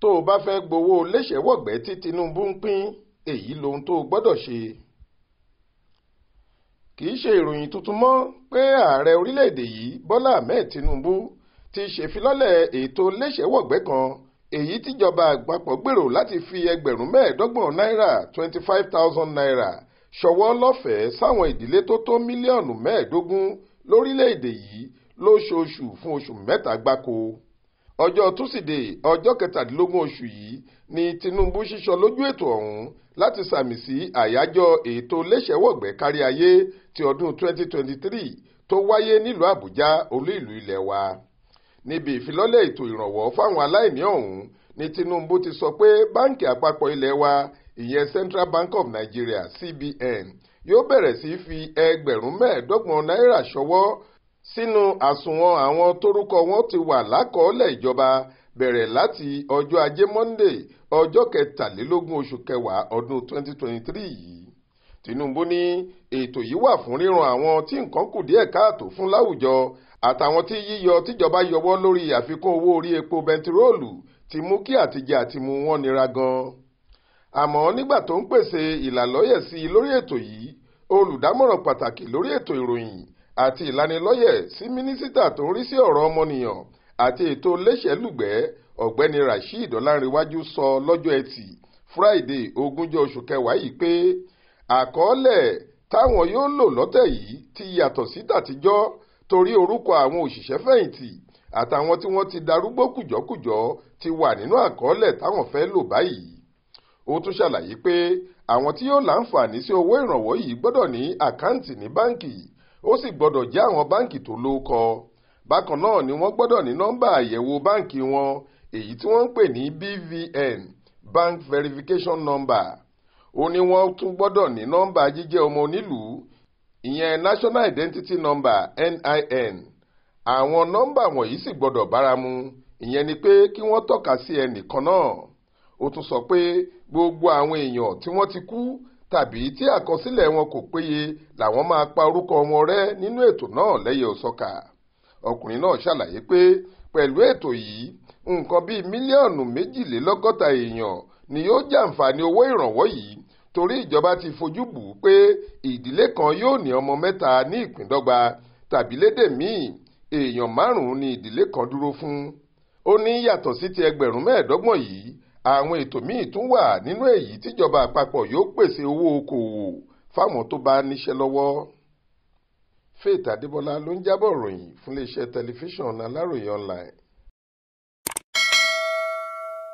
tó o bá fẹ́ gbowó léṣẹ́wọ̀gbẹ́ tí Tinubu ń pín èyí lohun tó o gbọ́dọ̀ ṣe kì í ṣe ìròyìn tuntun mọ́ pé ààrẹ orílẹ̀-èdè yìí Bọ́lá Ahmed Tinubu ti ṣèfilọ́lẹ̀ ètò léṣẹ́wọ̀gbẹ́ kan èyí tíjọba àgbàpọ̀ gbèrò láti fi ẹgbẹ̀rún mẹ́ẹ̀ẹ́dọ́gbọ̀n náírà twenty five thousand naira ṣọwọ́ lọ́fẹ̀ẹ́ sáwọn ìdílé tó tó mílíọ̀nù mẹ́ẹ̀ẹ́dógún lórílẹ̀-èdè yìí lóṣooṣù fún oṣù mẹ́ta gbáko ọjọ́ túsídẹ̀ẹ́ ọjọ́ kẹtàdínlógún oṣù yìí ni Tinubu ṣíṣọ lójú ètò ọ̀hún láti sàmì sí àyájọ́ ètò léṣẹ́wọ̀gbẹ́ kárí ayé ti ọdún 2023 tó wáyé nílùú Àbújá olú ìlú ilẹ̀ wa níbi ìfilọ́lẹ̀ ètò ìrànwọ́ fáwọn aláìní ọ̀hún ni Tinubu ti sọ pé báǹkì àpapọ̀ ilẹ̀ wa ìyẹn Central Bank of Nigeria CBN yóò bẹ̀rẹ̀ sí fi ẹgbẹ̀rún mẹ́ẹ̀ẹ́dọ́gbọ̀n náírà ṣọwọ́ sínú àsùnwọ̀n àwọn tórúkọ wọn ti wà lákọọ́lẹ̀ ìjọba bẹ̀rẹ̀ láti ọjọ́ ajé monday ọjọ́ kẹtàlélógún oṣù kẹwàá ọdún 2023 yìí tinubu ní ètò yìí wà fún ríran àwọn tí nǹkan kù díẹ̀ káàtó fún láwùjọ àtàwọn tí yíyọ tíjọba yọwọ́ lórí àfikún owó orí epo bẹntiróòlù ti mú kí àtijẹ àtimu wọn nira gan àmọ́ nígbà tó ń pèsè ìlàlọ́yẹ̀ sí i lórí ètò yìí olùdámọ̀ràn pàtàkì lórí ètò ìròyìn àti ìlanilọ́yẹ̀ sí mínísítà tó ń rí sí ọ̀rọ̀ ọmọnìyàn àti ètò lẹ́sẹ̀lùgbẹ́ ọ̀gbẹ́ni Rasheed Ọlánrewájú sọ lọ́jọ́ Ẹtì Friday ogúnjọ́ oṣù kẹwàá yìí pé àkọọ́lẹ̀ táwọn yóò lò lọ́tẹ̀ yìí ti yàtọ̀ sí tàtijọ́ torí orúkọ àwọn òṣìṣẹ́ fẹ̀yìntì àtàwọn tí wọ́n ti darúgbó kùjọ́kùjọ́ ti wà nínú àkọọ́lẹ̀ táwọn fẹ́ lò báyìí ó tún ṣàlàyé pé àwọn tí yóò láǹfààní sí owó ìrànwọ́ yìí gbọ́dọ̀ ní àkáǹtì ní báǹkì ó sì gbọ́dọ̀ jẹ́ àwọn báǹkì tó lóókọ bákan náà ni wọ́n gbọ́dọ̀ ní nọ́mbà àyẹ̀wò báǹkì wọn èyí tí wọ́n ń pè ní BVN bank verification number ó ní wọ́n tún gbọ́dọ̀ ní nọ́mbà jíjẹ́ ọmọ onílùú ìyẹn national identity number NIN àwọn nọ́mbà wọ̀nyí sì gbọ́dọ̀ báramu ìyẹn ni pé kí wọ́n tọ́ka sí ẹnìkan náà ó tún sọ pé gbogbo àwọn èèyàn tí wọ́n ti kú tàbí tí àkọsílẹ̀ wọn kò péye làwọn máa pa orúkọ wọn rẹ́ nínú ètò náà lẹ́yẹ òsọkà ọkùnrin náà ṣàlàyé pé pẹ̀lú ètò yìí nǹkan bíi mílíọ̀nù méjìlélọ́gọ́ta èèyàn ni yóò jàǹfààní owó ìrànwọ́ yìí torí ìjọba ti fojú bù ú pé ìdílé kan yóò ní ọmọ mẹ́ta ní ìpíndọ́gba tàbí lédè míì èèyàn márùn-ún ni ìdílé kan dúró fún ó ní yàtọ̀ sí ti ẹgbẹ̀rún mẹ́ẹ̀ẹ́dọ́gbọ̀n yìí àwọn ètò míì tún wà nínú èyí tíjọba àpapọ̀ yóò pèsè owó okòwò fáwọn tó bá níṣẹ́ lọ́wọ́. Faith Adébọlá ló ń jábọ̀ ròyìn fún iléeṣẹ́ tẹlifíṣàn Aláròye online.